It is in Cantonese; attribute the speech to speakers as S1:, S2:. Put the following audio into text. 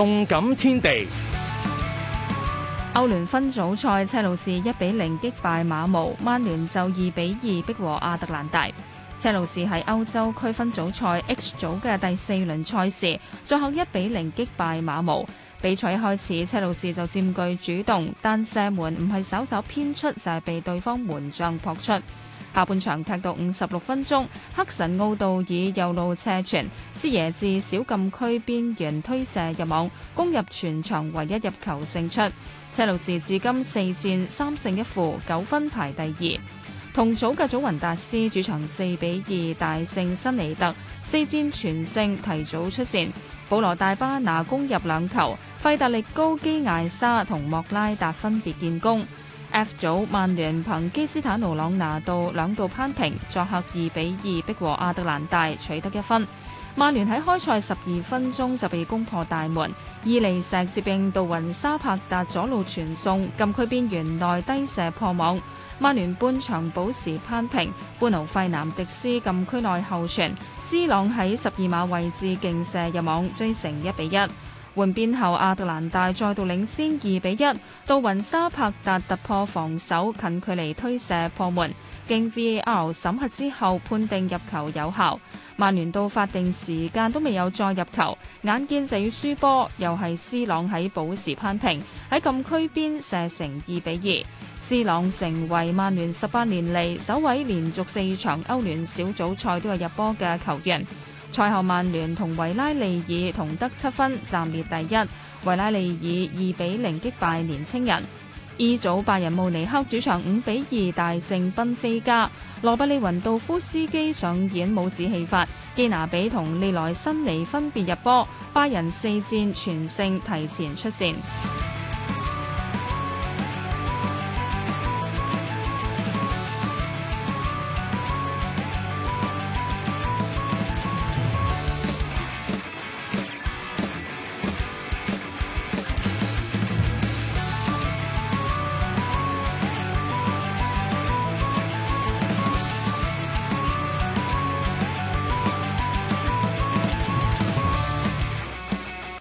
S1: 動感天地，歐聯分組賽，車路士一比零擊敗馬模，曼聯就二比二逼和阿特蘭大。車路士喺歐洲區分組賽 H 組嘅第四輪賽事，最後一比零擊敗馬模。比賽開始，車路士就佔據主動，但射門唔係稍稍偏出，就係被對方門將撲出。下半場踢到五十六分鐘，黑神奧道爾右路斜傳，薛耶治小禁區邊緣推射入網，攻入全場唯一入球勝出。車路士至今四戰三勝一負，九分排第二。同組嘅祖雲達斯主場四比二大勝辛尼特，四戰全勝提早出線。保羅戴巴拿攻入兩球，費達歷高基艾沙同莫拉達分別建功。F 組曼聯憑基斯坦奴·朗拿度兩度扳平，作客二比二逼和阿特蘭大，取得一分。曼聯喺開賽十二分鐘就被攻破大門，伊利石接應杜雲沙拍達左路傳送，禁區邊緣內低射破網。曼聯半場保持扳平，搬奴費南迪斯禁區內後傳，C 朗喺十二碼位置勁射入網，追成一比一。換邊後，亞特蘭大再度領先二比一。杜雲沙柏達突破防守，近距離推射破門。經 VAR 審核之後，判定入球有效。曼聯到法定時間都未有再入球，眼見就要輸波。又係斯朗喺補時扳平，喺禁區邊射成二比二。斯朗成為曼聯十八年嚟首位連續四場歐聯小組賽都有入波嘅球員。賽後，曼聯同維拉利爾同得七分，暫列第一。維拉利爾二比零擊敗年青人。E 組拜仁慕尼克主場五比二大勝賓菲加，羅拔利雲度夫斯基上演帽子戲法，基拿比同利萊辛尼分別入波。拜仁四戰全勝，提前出線。